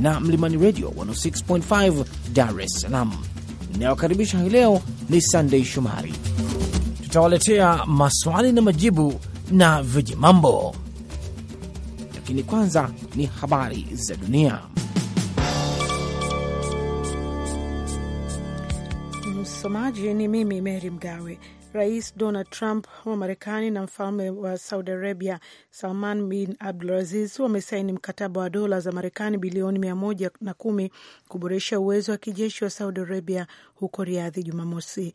na Mlimani Radio 106.5 Dar es Salaam. Inayokaribisha hii leo ni Sandei Shomari. Tutawaletea maswali na majibu na vijimambo, lakini kwanza ni habari za dunia. Msomaji ni mimi Mary Mgawe. Rais Donald Trump wa Marekani na mfalme wa Saudi Arabia Salman bin Abdulaziz wamesaini mkataba wa dola za Marekani bilioni mia moja na kumi kuboresha uwezo wa kijeshi wa Saudi Arabia huko Riadhi Jumamosi.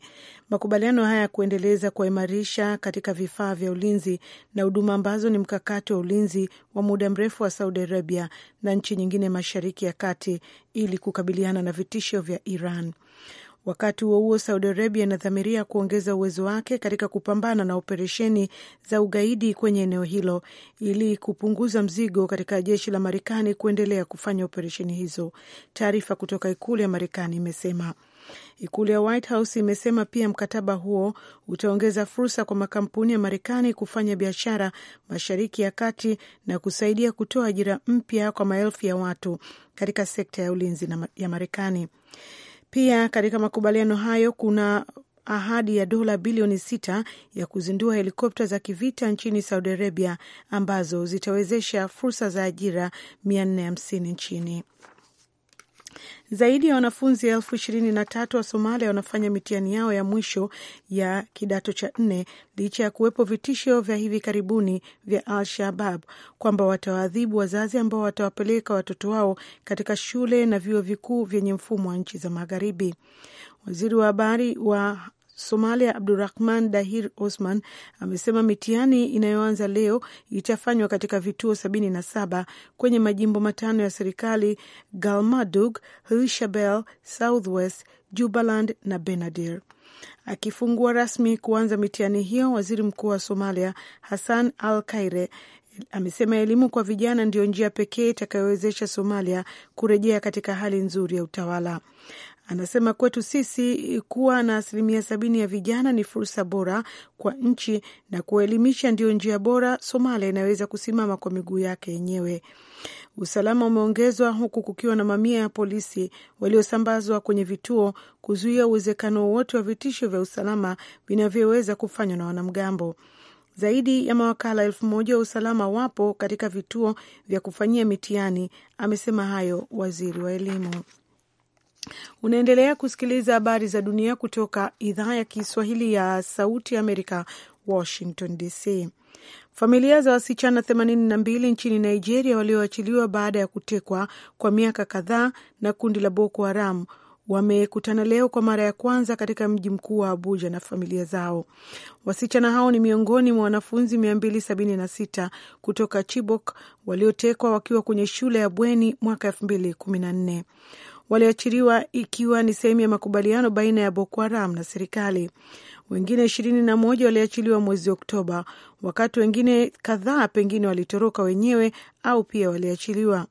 Makubaliano haya ya kuendeleza kuwaimarisha katika vifaa vya ulinzi na huduma ambazo ni mkakati wa ulinzi wa muda mrefu wa Saudi Arabia na nchi nyingine Mashariki ya Kati ili kukabiliana na vitisho vya Iran. Wakati huo huo, Saudi Arabia inadhamiria kuongeza uwezo wake katika kupambana na operesheni za ugaidi kwenye eneo hilo ili kupunguza mzigo katika jeshi la Marekani kuendelea kufanya operesheni hizo, taarifa kutoka ikulu ya Marekani imesema. Ikulu ya White House imesema pia mkataba huo utaongeza fursa kwa makampuni ya Marekani kufanya biashara Mashariki ya Kati na kusaidia kutoa ajira mpya kwa maelfu ya watu katika sekta ya ulinzi ya Marekani. Pia katika makubaliano hayo kuna ahadi ya dola bilioni sita ya kuzindua helikopta za kivita nchini Saudi Arabia ambazo zitawezesha fursa za ajira hamsini nchini. Zaidi ya wanafunzi elfu ishirini na tatu wa Somalia wanafanya mitihani yao ya mwisho ya kidato cha nne licha ya kuwepo vitisho vya hivi karibuni vya Al Shabab kwamba watawaadhibu wazazi ambao watawapeleka watoto wao katika shule na vyuo vikuu vyenye mfumo wa nchi za Magharibi. Waziri wa habari wa Somalia Abdurahman Dahir Osman amesema mitihani inayoanza leo itafanywa katika vituo sabini na saba kwenye majimbo matano ya serikali galmadug Hirshabelle, Southwest, Jubaland na Benadir. Akifungua rasmi kuanza mitihani hiyo, waziri mkuu wa Somalia Hassan Al Kaire amesema elimu kwa vijana ndiyo njia pekee itakayowezesha Somalia kurejea katika hali nzuri ya utawala. Anasema kwetu sisi eh, kuwa na asilimia sabini ya vijana ni fursa bora kwa nchi na kuwaelimisha ndio njia bora. Somalia inaweza kusimama kwa miguu yake yenyewe. Usalama umeongezwa huku kukiwa na mamia ya polisi waliosambazwa kwenye vituo kuzuia uwezekano wowote wa vitisho vya usalama vinavyoweza kufanywa na wanamgambo. Zaidi ya mawakala elfu moja wa usalama wapo katika vituo vya kufanyia mitihani. Amesema hayo waziri wa elimu. Unaendelea kusikiliza habari za dunia kutoka idhaa ya Kiswahili ya Sauti Amerika, Washington DC. Familia za wasichana 82 nchini Nigeria walioachiliwa baada ya kutekwa kwa miaka kadhaa na kundi la Boko Haram wamekutana leo kwa mara ya kwanza katika mji mkuu wa Abuja na familia zao. Wasichana hao ni miongoni mwa wanafunzi 276 kutoka Chibok waliotekwa wakiwa kwenye shule ya bweni mwaka 2014 waliachiliwa ikiwa ni sehemu ya makubaliano baina ya Boko Haram na serikali. Wengine ishirini na moja waliachiliwa mwezi Oktoba, wakati wengine kadhaa pengine walitoroka wenyewe au pia waliachiliwa.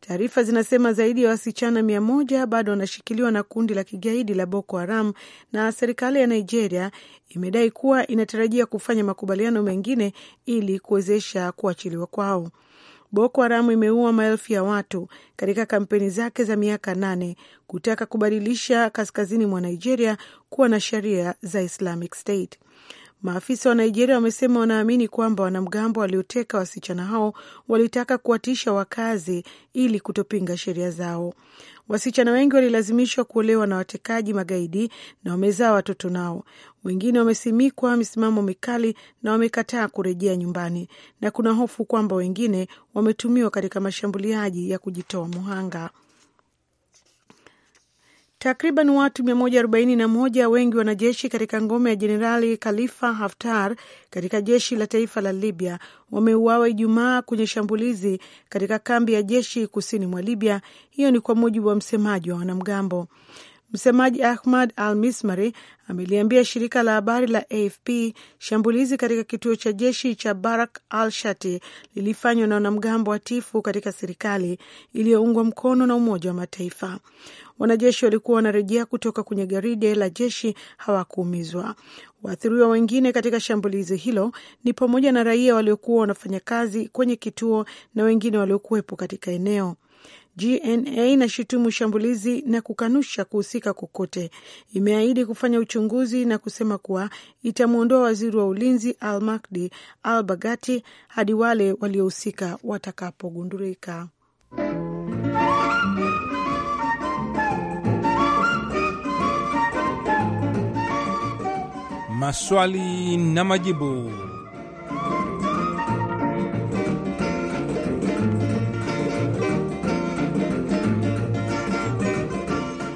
Taarifa zinasema zaidi ya wasichana mia moja bado wanashikiliwa na kundi la kigaidi la Boko Haram, na serikali ya Nigeria imedai kuwa inatarajia kufanya makubaliano mengine ili kuwezesha kuachiliwa kwao. Boko Haramu imeua maelfu ya watu katika kampeni zake za miaka nane kutaka kubadilisha kaskazini mwa Nigeria kuwa na sheria za Islamic State. Maafisa wa Nigeria wamesema wanaamini kwamba wanamgambo walioteka wasichana hao walitaka kuwatisha wakazi ili kutopinga sheria zao. Wasichana wengi walilazimishwa kuolewa na watekaji magaidi na wamezaa watoto nao. Wengine wamesimikwa misimamo mikali na wamekataa kurejea nyumbani, na kuna hofu kwamba wengine wametumiwa katika mashambuliaji ya kujitoa muhanga. Takriban watu 141 wengi wanajeshi katika ngome ya Jenerali Khalifa Haftar katika jeshi la taifa la Libya wameuawa Ijumaa kwenye shambulizi katika kambi ya jeshi kusini mwa Libya. Hiyo ni kwa mujibu wa msemaji wa wanamgambo. Msemaji Ahmad Al Mismari ameliambia shirika la habari la AFP shambulizi katika kituo cha jeshi cha Barak Al Shati lilifanywa na wanamgambo watifu katika serikali iliyoungwa mkono na Umoja wa Mataifa. Wanajeshi walikuwa wanarejea kutoka kwenye garide la jeshi, hawakuumizwa. Waathiriwa wengine katika shambulizi hilo ni pamoja na raia waliokuwa wanafanya kazi kwenye kituo na wengine waliokuwepo katika eneo. GNA inashutumu shambulizi na kukanusha kuhusika kokote. Imeahidi kufanya uchunguzi na kusema kuwa itamwondoa waziri wa ulinzi Al Makdi Al Bagati hadi wale waliohusika watakapogundulika. Maswali na majibu.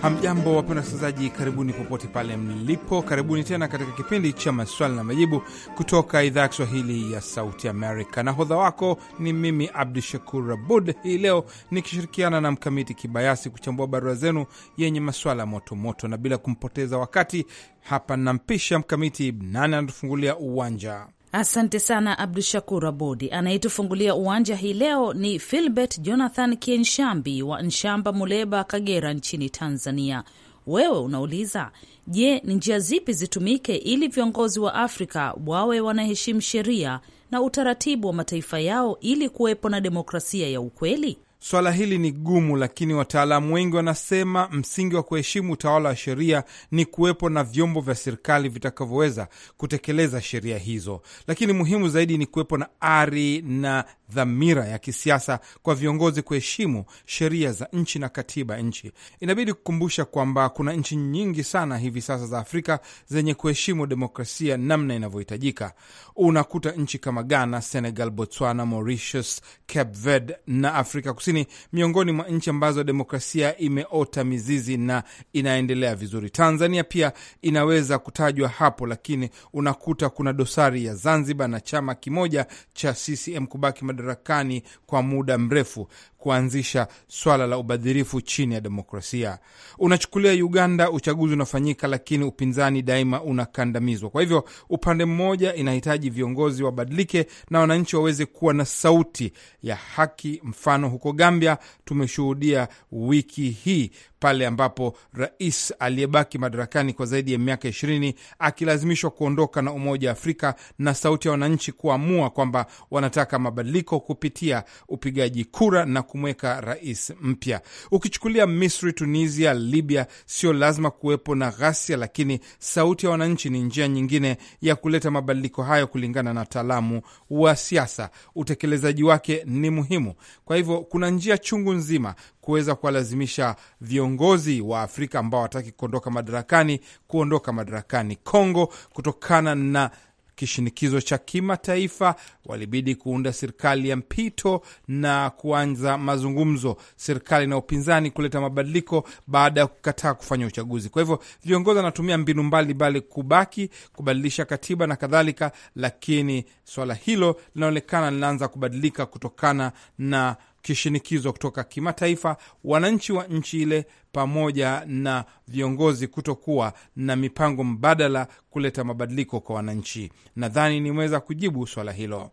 Hamjambo, wapenda wasikilizaji, karibuni popote pale mlipo. Karibuni tena katika kipindi cha maswali na majibu kutoka idhaa ya Kiswahili ya Sauti Amerika. Nahodha wako ni mimi Abdu Shakur Abud, hii leo nikishirikiana na Mkamiti Kibayasi kuchambua barua zenu yenye maswala motomoto, na bila kumpoteza wakati hapa nampisha Mkamiti nane anatufungulia uwanja. Asante sana Abdu Shakur Abodi. Anayetufungulia uwanja hii leo ni Filbert Jonathan Kienshambi wa Nshamba, Muleba, Kagera nchini Tanzania. Wewe unauliza, je, ni njia zipi zitumike ili viongozi wa Afrika wawe wanaheshimu sheria na utaratibu wa mataifa yao ili kuwepo na demokrasia ya ukweli? Swala hili ni gumu, lakini wataalamu wengi wanasema msingi wa kuheshimu utawala wa sheria ni kuwepo na vyombo vya serikali vitakavyoweza kutekeleza sheria hizo, lakini muhimu zaidi ni kuwepo na ari na dhamira ya kisiasa kwa viongozi kuheshimu sheria za nchi na katiba ya nchi. Inabidi kukumbusha kwamba kuna nchi nyingi sana hivi sasa za Afrika zenye kuheshimu demokrasia namna inavyohitajika. Unakuta nchi kama Ghana, Senegal, Botswana, Mauritius, Cape Verde na Afrika Kusini miongoni mwa nchi ambazo demokrasia imeota mizizi na inaendelea vizuri. Tanzania pia inaweza kutajwa hapo, lakini unakuta kuna dosari ya Zanzibar na chama kimoja cha CCM kubaki madarakani kwa muda mrefu kuanzisha swala la ubadhirifu chini ya demokrasia. Unachukulia Uganda uchaguzi unafanyika, lakini upinzani daima unakandamizwa. Kwa hivyo upande mmoja inahitaji viongozi wabadilike na wananchi waweze kuwa na sauti ya haki. Mfano huko Gambia tumeshuhudia wiki hii pale ambapo rais aliyebaki madarakani kwa zaidi ya miaka ishirini akilazimishwa kuondoka na Umoja wa Afrika na sauti ya wananchi kuamua kwamba wanataka mabadiliko kupitia upigaji kura na kumweka rais mpya. Ukichukulia Misri, Tunisia, Libya, sio lazima kuwepo na ghasia, lakini sauti ya wananchi ni njia nyingine ya kuleta mabadiliko hayo, kulingana na wataalamu wa siasa. Utekelezaji wake ni muhimu. Kwa hivyo kuna njia chungu nzima kuweza kuwalazimisha viongozi wa Afrika ambao wataki kuondoka madarakani kuondoka madarakani. Kongo, kutokana na kishinikizo cha kimataifa, walibidi kuunda serikali ya mpito na kuanza mazungumzo, serikali na upinzani kuleta mabadiliko baada ya kukataa kufanya uchaguzi. Kwa hivyo viongozi wanatumia mbinu mbalimbali kubaki, kubadilisha katiba na kadhalika, lakini swala hilo linaonekana linaanza kubadilika kutokana na kishinikizo kutoka kimataifa, wananchi wa nchi ile pamoja na viongozi kutokuwa na mipango mbadala kuleta mabadiliko kwa wananchi. Nadhani nimeweza kujibu swala hilo.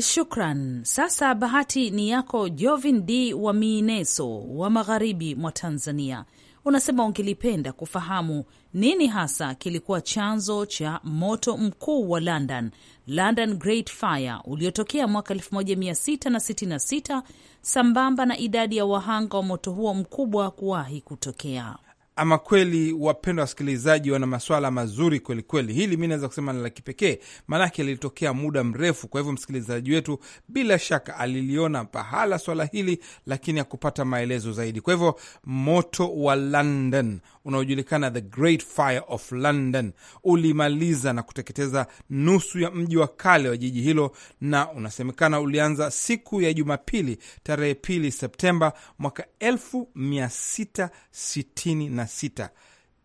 Shukran. Sasa bahati ni yako, Jovin D wa Miineso wa magharibi mwa Tanzania. Unasema ungelipenda kufahamu nini hasa kilikuwa chanzo cha moto mkuu wa London, London Great Fire uliotokea mwaka 1666 sambamba na idadi ya wahanga wa moto huo mkubwa kuwahi kutokea. Ama kweli, wapendwa wasikilizaji, wana maswala mazuri kwelikweli kweli. Hili mi naweza kusema ni la kipekee, maanake lilitokea muda mrefu. Kwa hivyo msikilizaji wetu bila shaka aliliona pahala swala hili, lakini hakupata maelezo zaidi. Kwa hivyo moto wa London unaojulikana The Great Fire of London ulimaliza na kuteketeza nusu ya mji wa kale wa jiji hilo, na unasemekana ulianza siku ya Jumapili tarehe pili Septemba mwaka 1666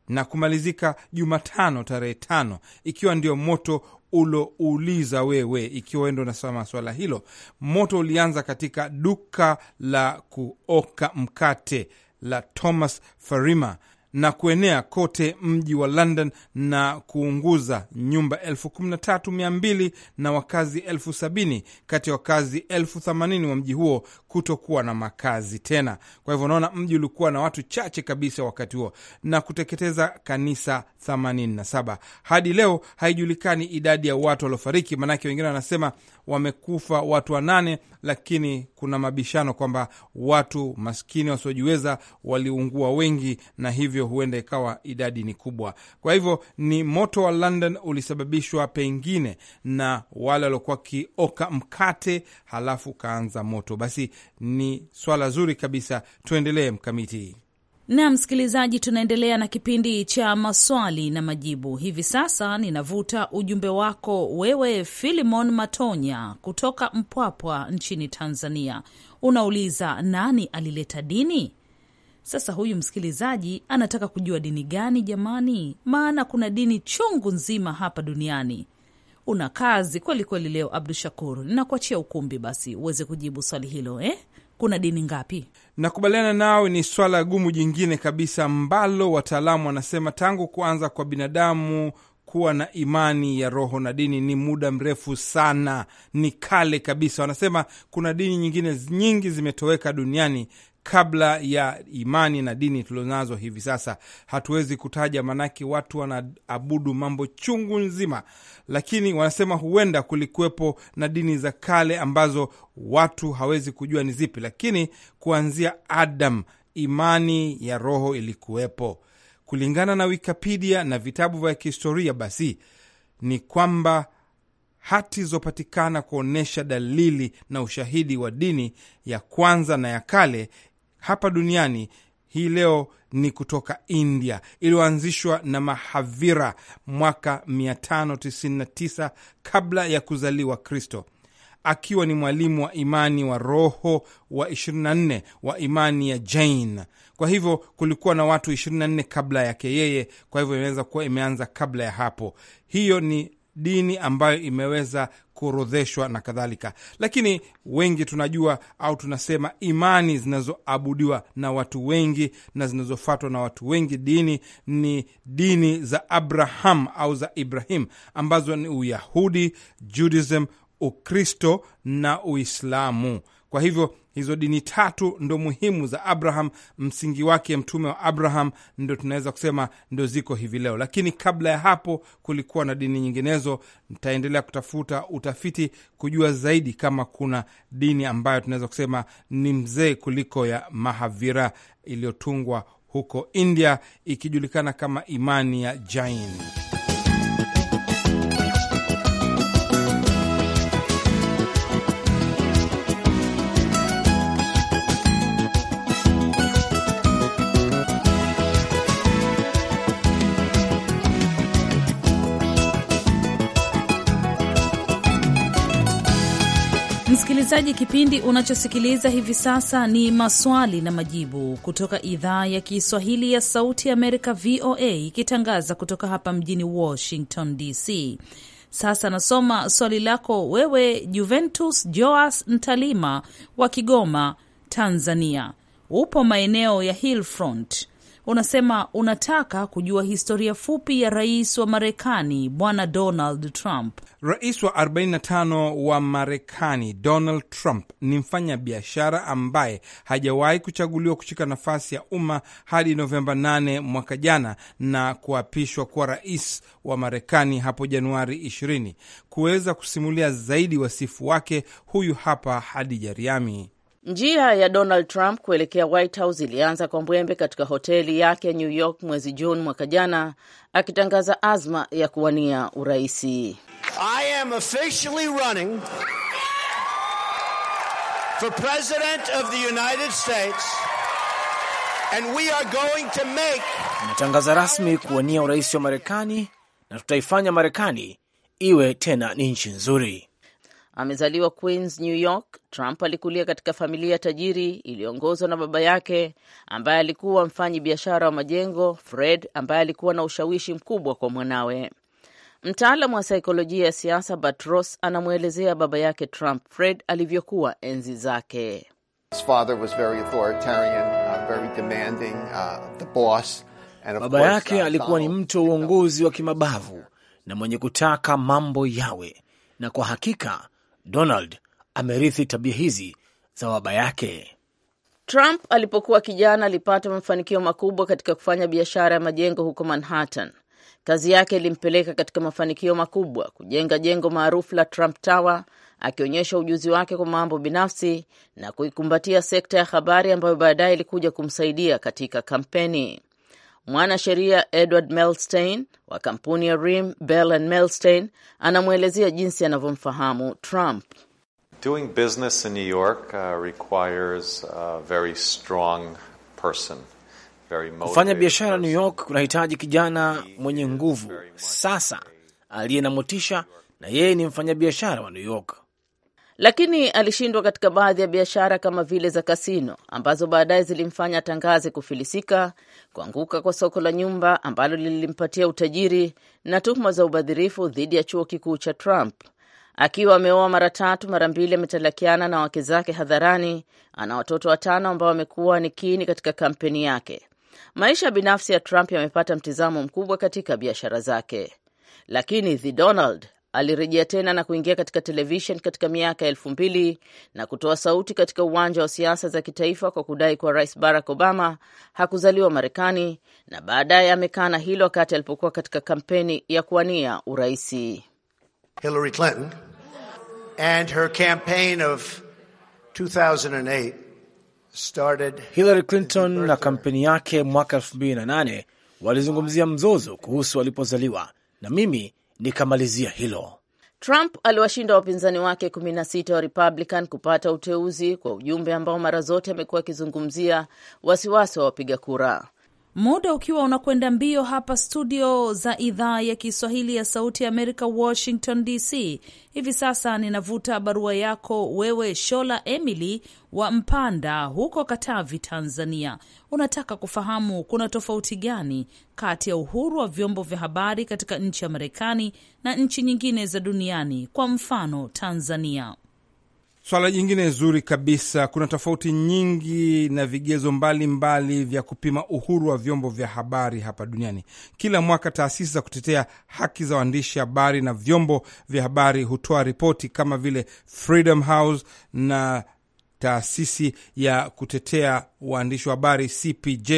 na kumalizika Jumatano tarehe tano, ikiwa ndio moto ulouliza wewe, ikiwa ndo unasoma swala hilo. Moto ulianza katika duka la kuoka mkate la Thomas Farima na kuenea kote mji wa London na kuunguza nyumba elfu kumi na tatu mia mbili na wakazi elfu sabini kati ya wakazi elfu themanini wa mji huo kutokuwa na makazi tena. Kwa hivyo unaona mji ulikuwa na watu chache kabisa wakati huo, na kuteketeza kanisa 87. Hadi leo haijulikani idadi ya watu waliofariki, maanake wengine wanasema wamekufa watu wanane, lakini kuna mabishano kwamba watu maskini wasiojiweza waliungua wengi, na hivyo huenda ikawa idadi ni kubwa. Kwa hivyo ni moto wa London ulisababishwa pengine na wale waliokuwa wakioka mkate, halafu ukaanza moto. Basi ni swala zuri kabisa. Tuendelee Mkamiti. Na msikilizaji, tunaendelea na kipindi cha maswali na majibu. Hivi sasa ninavuta ujumbe wako wewe, Filimon Matonya kutoka Mpwapwa nchini Tanzania. Unauliza, nani alileta dini? Sasa huyu msikilizaji anataka kujua dini gani jamani, maana kuna dini chungu nzima hapa duniani una kazi kweli kweli leo, Abdu Shakur, nakuachia ukumbi basi uweze kujibu swali hilo eh? Kuna dini ngapi? Nakubaliana nawe, ni swala gumu jingine kabisa ambalo wataalamu wanasema tangu kuanza kwa binadamu kuwa na imani ya roho na dini ni muda mrefu sana, ni kale kabisa. Wanasema kuna dini nyingine nyingi zimetoweka duniani kabla ya imani na dini tulionazo hivi sasa. Hatuwezi kutaja, maanake watu wanaabudu mambo chungu nzima, lakini wanasema huenda kulikuwepo na dini za kale ambazo watu hawezi kujua ni zipi, lakini kuanzia Adam imani ya roho ilikuwepo kulingana na Wikipedia na vitabu vya kihistoria. Basi ni kwamba hati zilizopatikana kuonyesha dalili na ushahidi wa dini ya kwanza na ya kale hapa duniani hii leo ni kutoka India. Iliyoanzishwa na Mahavira mwaka 599 kabla ya kuzaliwa Kristo, akiwa ni mwalimu wa imani wa roho wa 24 wa imani ya Jain. Kwa hivyo kulikuwa na watu 24 kabla yake yeye, kwa hivyo inaweza kuwa imeanza kabla ya hapo. Hiyo ni dini ambayo imeweza kuorodheshwa na kadhalika. Lakini wengi tunajua au tunasema imani zinazoabudiwa na watu wengi na zinazofatwa na watu wengi dini ni dini za Abraham au za Ibrahim ambazo ni Uyahudi, Judaism, Ukristo na Uislamu. Kwa hivyo Hizo dini tatu ndo muhimu za Abraham, msingi wake mtume wa Abraham, ndo tunaweza kusema ndo ziko hivi leo, lakini kabla ya hapo kulikuwa na dini nyinginezo. ntaendelea kutafuta utafiti kujua zaidi kama kuna dini ambayo tunaweza kusema ni mzee kuliko ya Mahavira iliyotungwa huko India ikijulikana kama imani ya Jain. Msikilizaji, kipindi unachosikiliza hivi sasa ni maswali na majibu kutoka idhaa ya Kiswahili ya Sauti Amerika, VOA, ikitangaza kutoka hapa mjini Washington DC. Sasa nasoma swali lako wewe, Juventus Joas Ntalima wa Kigoma, Tanzania. Upo maeneo ya Hillfront unasema unataka kujua historia fupi ya rais wa Marekani Bwana Donald Trump. Rais wa 45 wa Marekani Donald Trump ni mfanya biashara ambaye hajawahi kuchaguliwa kushika nafasi ya umma hadi Novemba 8 mwaka jana na kuapishwa kuwa rais wa Marekani hapo Januari 20. Kuweza kusimulia zaidi wasifu wake, huyu hapa Hadija Riami. Njia ya Donald Trump kuelekea White House ilianza kwa mbwembe katika hoteli yake New York mwezi Juni mwaka jana, akitangaza azma ya kuwania uraisi. I am officially running for president of the United States and we are going to make... natangaza rasmi kuwania urais wa Marekani na tutaifanya Marekani iwe tena ni nchi nzuri. Amezaliwa Queens, New York. Trump alikulia katika familia tajiri iliyoongozwa na baba yake ambaye alikuwa mfanyi biashara wa majengo, Fred, ambaye alikuwa na ushawishi mkubwa kwa mwanawe. Mtaalamu wa saikolojia ya siasa Batros anamwelezea baba yake Trump Fred alivyokuwa enzi zake. Uh, uh, baba yake uh, alikuwa ni mtu wa uongozi wa kimabavu na mwenye kutaka mambo yawe, na kwa hakika Donald amerithi tabia hizi za baba yake. Trump alipokuwa kijana alipata mafanikio makubwa katika kufanya biashara ya majengo huko Manhattan. Kazi yake ilimpeleka katika mafanikio makubwa, kujenga jengo maarufu la Trump Tower, akionyesha ujuzi wake kwa mambo binafsi na kuikumbatia sekta ya habari ambayo baadaye ilikuja kumsaidia katika kampeni. Mwanasheria Edward Melstein wa kampuni ya Rim Bell and Melstein anamwelezea jinsi anavyomfahamu Trump. Doing business in New York uh, requires a very strong person. Kufanya biashara New York kunahitaji kijana mwenye nguvu, sasa aliye na motisha, na yeye ni mfanyabiashara wa New York lakini alishindwa katika baadhi ya biashara kama vile za kasino ambazo baadaye zilimfanya tangaze kufilisika, kuanguka kwa soko la nyumba ambalo lilimpatia utajiri na tuhuma za ubadhirifu dhidi ya chuo kikuu cha Trump. Akiwa ameoa mara tatu, mara mbili ametalakiana na wake zake hadharani. Ana watoto watano ambao wamekuwa ni kiini katika kampeni yake. Maisha binafsi ya Trump yamepata mtizamo mkubwa katika biashara zake, lakini The Donald Alirejea tena na kuingia katika televishen katika miaka elfu mbili na kutoa sauti katika uwanja wa siasa za kitaifa kwa kudai kuwa Rais Barack Obama hakuzaliwa Marekani, na baadaye amekana hilo wakati alipokuwa katika kampeni ya kuwania uraisi. Hillary Clinton and her campaign of 2008 Hillary Clinton na kampeni yake mwaka 2008 walizungumzia mzozo kuhusu alipozaliwa, na mimi nikamalizia hilo. Trump aliwashinda wapinzani wake 16 wa Republican kupata uteuzi kwa ujumbe ambao mara zote amekuwa akizungumzia wasiwasi wa wapiga kura muda ukiwa unakwenda mbio hapa studio za idhaa ya Kiswahili ya Sauti ya Amerika, Washington DC. Hivi sasa ninavuta barua yako wewe, Shola Emily wa Mpanda huko Katavi, Tanzania. Unataka kufahamu kuna tofauti gani kati ya uhuru wa vyombo vya habari katika nchi ya Marekani na nchi nyingine za duniani, kwa mfano Tanzania. Swala jingine zuri kabisa, kuna tofauti nyingi na vigezo mbalimbali mbali vya kupima uhuru wa vyombo vya habari hapa duniani. Kila mwaka taasisi za kutetea haki za waandishi habari na vyombo vya habari hutoa ripoti kama vile Freedom House na taasisi ya kutetea waandishi wa habari CPJ,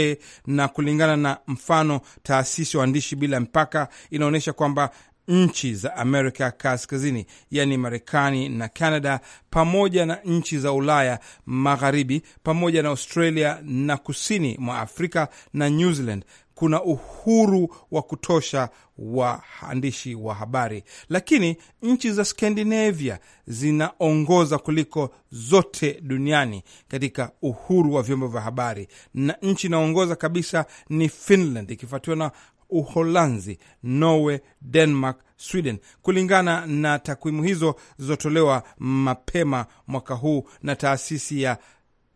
na kulingana na mfano taasisi ya Waandishi Bila Mpaka inaonyesha kwamba nchi za Amerika Kaskazini, yaani Marekani na Canada, pamoja na nchi za Ulaya Magharibi, pamoja na Australia na kusini mwa Afrika na New Zealand kuna uhuru wa kutosha waandishi wa habari, lakini nchi za Skandinavia zinaongoza kuliko zote duniani katika uhuru wa vyombo vya habari, na nchi inaongoza kabisa ni Finland, ikifuatiwa na Uholanzi, Norway, Denmark, Sweden, kulingana na takwimu hizo zilizotolewa mapema mwaka huu na taasisi ya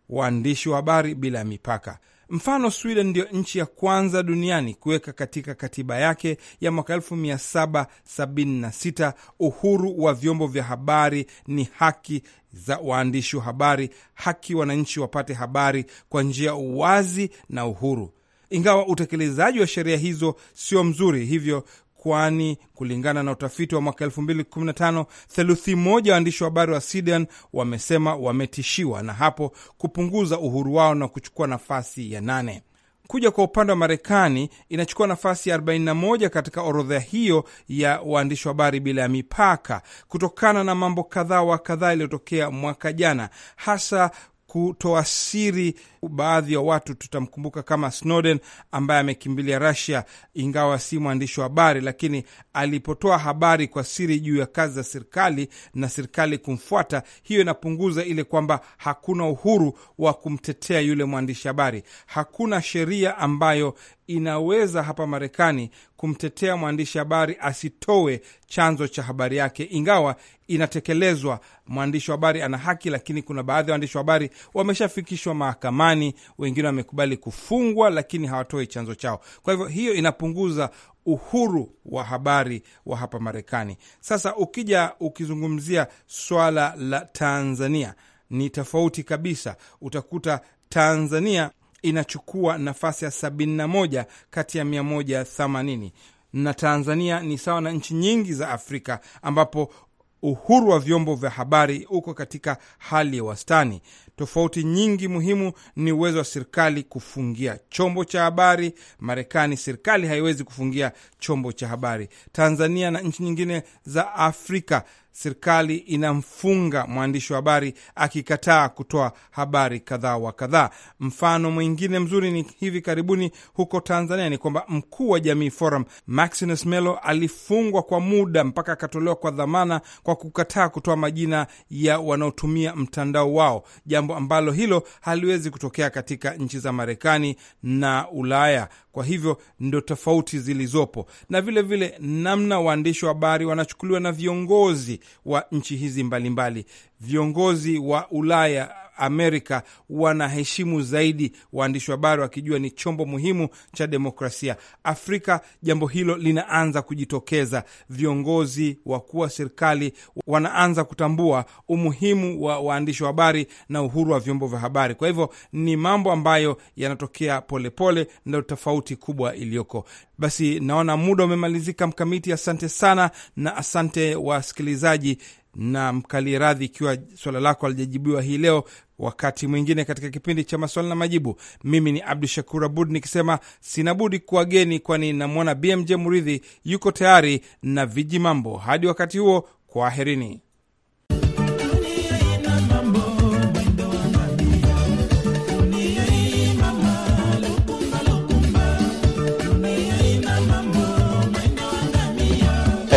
waandishi wa habari bila ya mipaka. Mfano, Sweden ndiyo nchi ya kwanza duniani kuweka katika katiba yake ya mwaka 1776 uhuru wa vyombo vya habari ni haki za waandishi wa habari, haki wananchi wapate habari kwa njia uwazi na uhuru ingawa utekelezaji wa sheria hizo sio mzuri hivyo kwani kulingana na utafiti wa mwaka 2015 theluthi moja waandishi wa habari wa Sweden wamesema wametishiwa na hapo kupunguza uhuru wao na kuchukua nafasi ya nane. Kuja kwa upande wa Marekani inachukua nafasi ya 41 katika orodha hiyo ya waandishi wa habari bila ya mipaka, kutokana na mambo kadhaa wa kadhaa yaliyotokea mwaka jana, hasa kutoa siri baadhi ya watu. Tutamkumbuka kama Snowden ambaye amekimbilia Russia, ingawa si mwandishi wa habari, lakini alipotoa habari kwa siri juu ya kazi za serikali na serikali kumfuata, hiyo inapunguza ile kwamba hakuna uhuru wa kumtetea yule mwandishi habari. Hakuna sheria ambayo inaweza hapa Marekani kumtetea mwandishi habari asitoe chanzo cha habari yake, ingawa inatekelezwa. Mwandishi wa habari ana haki, lakini kuna baadhi ya waandishi wa habari wameshafikishwa mahakamani, wengine wamekubali kufungwa, lakini hawatoi chanzo chao. Kwa hivyo hiyo inapunguza uhuru wa habari wa hapa Marekani. Sasa ukija ukizungumzia swala la Tanzania ni tofauti kabisa, utakuta Tanzania inachukua nafasi ya 71 kati ya 180 na Tanzania ni sawa na nchi nyingi za Afrika ambapo uhuru wa vyombo vya habari uko katika hali ya wastani Tofauti nyingi muhimu ni uwezo wa serikali kufungia chombo cha habari. Marekani, serikali haiwezi kufungia chombo cha habari. Tanzania na nchi nyingine za Afrika, serikali inamfunga mwandishi wa habari akikataa kutoa habari kadhaa wa kadhaa. Mfano mwingine mzuri ni hivi karibuni huko Tanzania, ni kwamba mkuu wa Jamii Forum Maximus Melo alifungwa kwa muda mpaka akatolewa kwa dhamana kwa kukataa kutoa majina ya wanaotumia mtandao wao, jambo jambo ambalo hilo haliwezi kutokea katika nchi za Marekani na Ulaya. Kwa hivyo ndo tofauti zilizopo, na vilevile vile, namna waandishi wa habari wanachukuliwa na viongozi wa nchi hizi mbalimbali mbali. Viongozi wa Ulaya Amerika wanaheshimu zaidi waandishi wa habari, wakijua ni chombo muhimu cha demokrasia. Afrika jambo hilo linaanza kujitokeza, viongozi wakuu wa serikali wanaanza kutambua umuhimu wa waandishi wa habari na uhuru wa vyombo vya habari. Kwa hivyo ni mambo ambayo yanatokea polepole, ndio tofauti kubwa iliyoko. Basi naona muda umemalizika. Mkamiti, asante sana na asante wasikilizaji na mkali radhi ikiwa swala lako alijajibiwa hii leo, wakati mwingine katika kipindi cha maswali na majibu. Mimi ni Abdu Shakur Abud nikisema sinabudi kuwageni, kwani namwona BMJ Muridhi yuko tayari na viji mambo. Hadi wakati huo, kwaherini.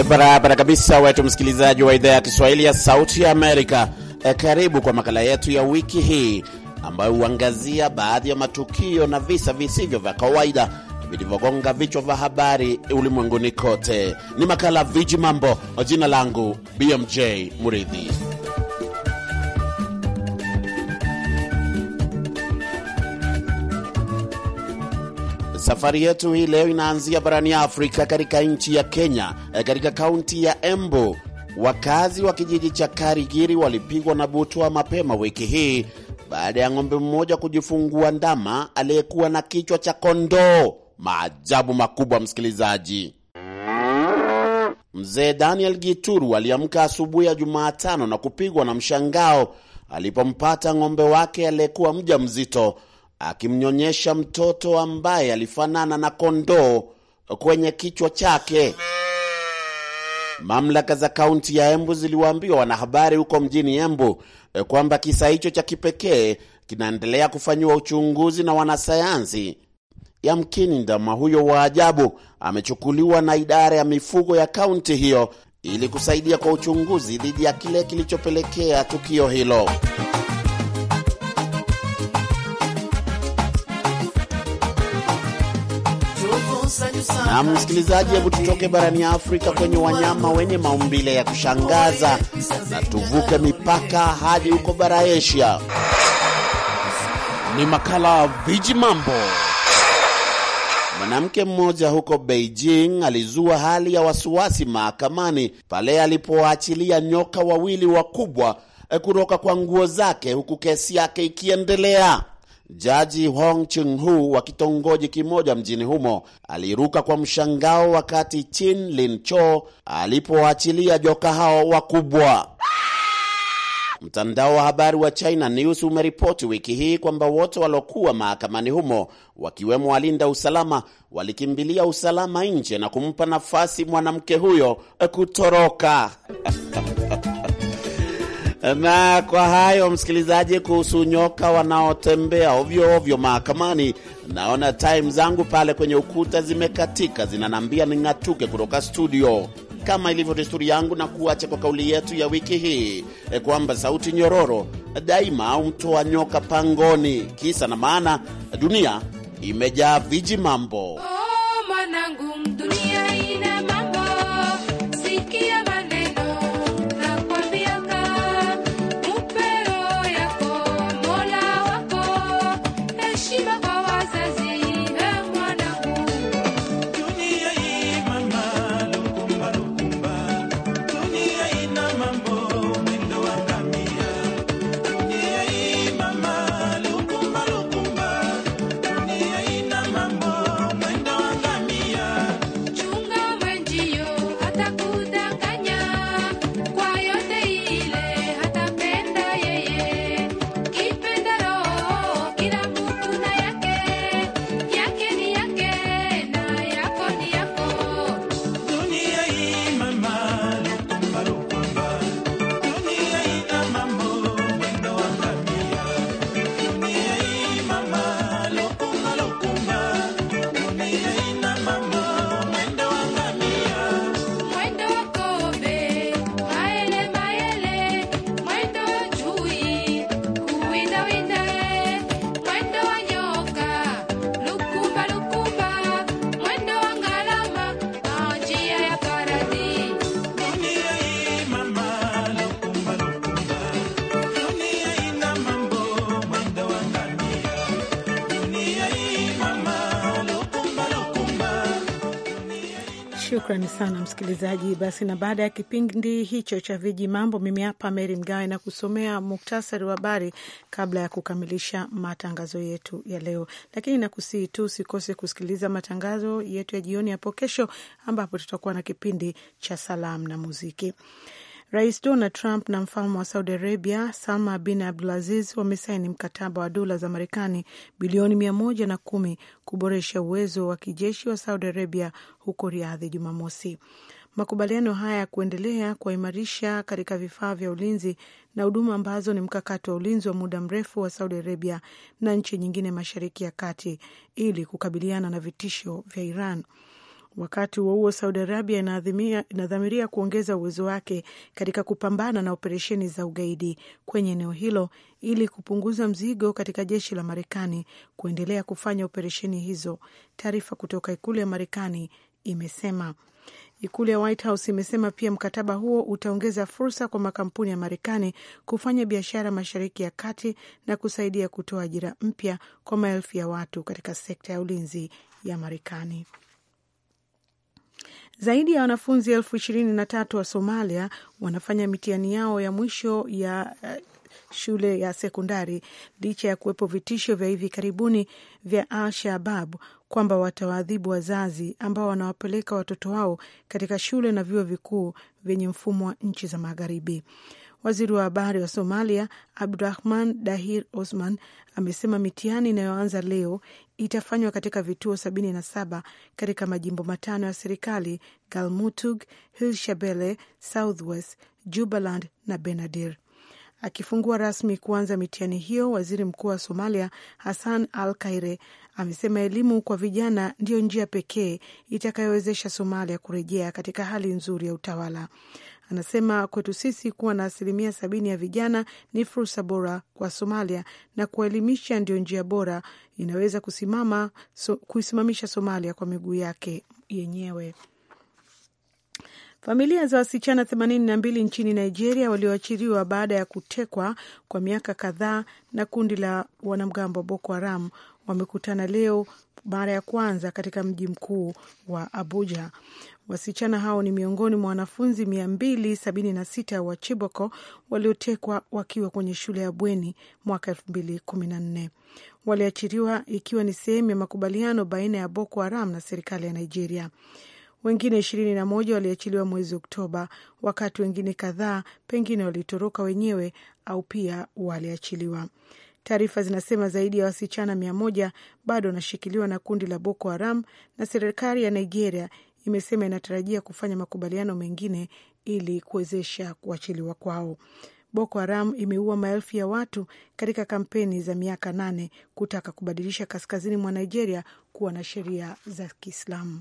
Eh, barabara kabisa, wetu msikilizaji wa idhaa ya Kiswahili ya Sauti ya Amerika. E, karibu kwa makala yetu ya wiki hii ambayo huangazia baadhi ya matukio na visa visivyo vya kawaida vilivyogonga vichwa vya habari ulimwenguni kote. Ni makala Viji Mambo. Jina langu BMJ Muridhi. Safari yetu hii leo inaanzia barani Afrika, katika nchi ya Kenya, eh, katika kaunti ya Embu. Wakazi wa kijiji cha Karigiri walipigwa na butwa mapema wiki hii baada ya ng'ombe mmoja kujifungua ndama aliyekuwa na kichwa cha kondoo. Maajabu makubwa, msikilizaji. Mzee Daniel Gituru aliamka asubuhi ya Jumatano na kupigwa na mshangao alipompata ng'ombe wake aliyekuwa mja mzito akimnyonyesha mtoto ambaye alifanana na kondoo kwenye kichwa chake. Mamlaka za kaunti ya Embu ziliwaambia wanahabari huko mjini Embu e, kwamba kisa hicho cha kipekee kinaendelea kufanyiwa uchunguzi na wanasayansi. Yamkini ndama huyo wa ajabu amechukuliwa na idara ya mifugo ya kaunti hiyo ili kusaidia kwa uchunguzi dhidi ya kile kilichopelekea tukio hilo. Na msikilizaji, hebu tutoke barani ya Afrika kwenye wanyama wenye maumbile ya kushangaza na tuvuke mipaka hadi huko bara Asia. Ni makala Viji Mambo. Mwanamke mmoja huko Beijing alizua hali ya wasiwasi mahakamani pale alipoachilia nyoka wawili wakubwa eh, kutoka kwa nguo zake huku kesi yake ikiendelea. Jaji Hong Ching Hu wa kitongoji kimoja mjini humo aliruka kwa mshangao wakati Chin Lin Cho alipowaachilia joka hao wakubwa. Mtandao wa habari wa China News umeripoti wiki hii kwamba wote waliokuwa mahakamani humo wakiwemo walinda usalama walikimbilia usalama nje na kumpa nafasi mwanamke huyo kutoroka. Na kwa hayo msikilizaji, kuhusu nyoka wanaotembea ovyo ovyo mahakamani, naona time zangu pale kwenye ukuta zimekatika, zinanambia ning'atuke kutoka studio. Kama ilivyo desturi yangu, na kuacha kwa kauli yetu ya wiki hii e, kwamba sauti nyororo daima au wa nyoka pangoni. Kisa na maana, dunia imejaa viji mambo. Oh, dunia ina Shukrani sana msikilizaji. Basi, na baada ya kipindi hicho cha viji mambo, mimi hapa Meri Mgawe na kusomea muktasari wa habari kabla ya kukamilisha matangazo yetu ya leo. Lakini nakusihi tu usikose kusikiliza matangazo yetu ya jioni hapo kesho, ambapo tutakuwa na kipindi cha salamu na muziki. Rais Donald Trump na mfalme wa Saudi Arabia Salma bin Abdulaziz wamesaini mkataba wa dola za Marekani bilioni mia moja na kumi kuboresha uwezo wa kijeshi wa Saudi Arabia huko Riadhi Jumamosi. Makubaliano haya ya kuendelea kuwaimarisha katika vifaa vya ulinzi na huduma ambazo ni mkakati wa ulinzi wa muda mrefu wa Saudi Arabia na nchi nyingine Mashariki ya Kati ili kukabiliana na vitisho vya Iran. Wakati huo huo, Saudi Arabia inadhamiria kuongeza uwezo wake katika kupambana na operesheni za ugaidi kwenye eneo hilo ili kupunguza mzigo katika jeshi la Marekani kuendelea kufanya operesheni hizo, taarifa kutoka ikulu ya Marekani imesema. Ikulu ya White House imesema pia mkataba huo utaongeza fursa kwa makampuni ya Marekani kufanya biashara Mashariki ya Kati na kusaidia kutoa ajira mpya kwa maelfu ya watu katika sekta ya ulinzi ya Marekani. Zaidi ya wanafunzi elfu ishirini na tatu wa Somalia wanafanya mitihani yao ya mwisho ya eh, shule ya sekondari licha ya kuwepo vitisho vya hivi karibuni vya al shababu kwamba watawaadhibu wazazi ambao wanawapeleka watoto wao katika shule na vyuo vikuu vyenye mfumo wa nchi za Magharibi. Waziri wa habari wa Somalia Abdurahman Dahir Osman amesema mitihani inayoanza leo itafanywa katika vituo 77 katika majimbo matano ya serikali galmutug hilshabele Southwest, Jubaland na Benadir. Akifungua rasmi kuanza mitihani hiyo, waziri mkuu wa Somalia Hassan Al Kaire amesema elimu kwa vijana ndiyo njia pekee itakayowezesha Somalia kurejea katika hali nzuri ya utawala. Anasema kwetu sisi kuwa na asilimia sabini ya vijana ni fursa bora kwa Somalia, na kuwaelimisha ndio njia bora inaweza kusimama, so, kuisimamisha Somalia kwa miguu yake yenyewe. Familia za wasichana 82 nchini Nigeria walioachiriwa baada ya kutekwa kwa miaka kadhaa na kundi la wanamgambo wa Boko Haram wamekutana leo mara ya kwanza katika mji mkuu wa Abuja. Wasichana hao ni miongoni mwa wanafunzi 276 wa Chiboko waliotekwa wakiwa kwenye shule ya bweni mwaka 2014. waliachiriwa ikiwa ni sehemu ya makubaliano baina ya Boko Haram na serikali ya Nigeria wengine ishirini na moja waliachiliwa mwezi Oktoba, wakati wengine kadhaa pengine walitoroka wenyewe au pia waliachiliwa. Taarifa zinasema zaidi ya wasichana mia moja bado wanashikiliwa na kundi la Boko Haram na serikali ya Nigeria imesema inatarajia kufanya makubaliano mengine ili kuwezesha kuachiliwa kwao. Boko Haram imeua maelfu ya watu katika kampeni za miaka nane kutaka kubadilisha kaskazini mwa Nigeria kuwa na sheria za Kiislamu.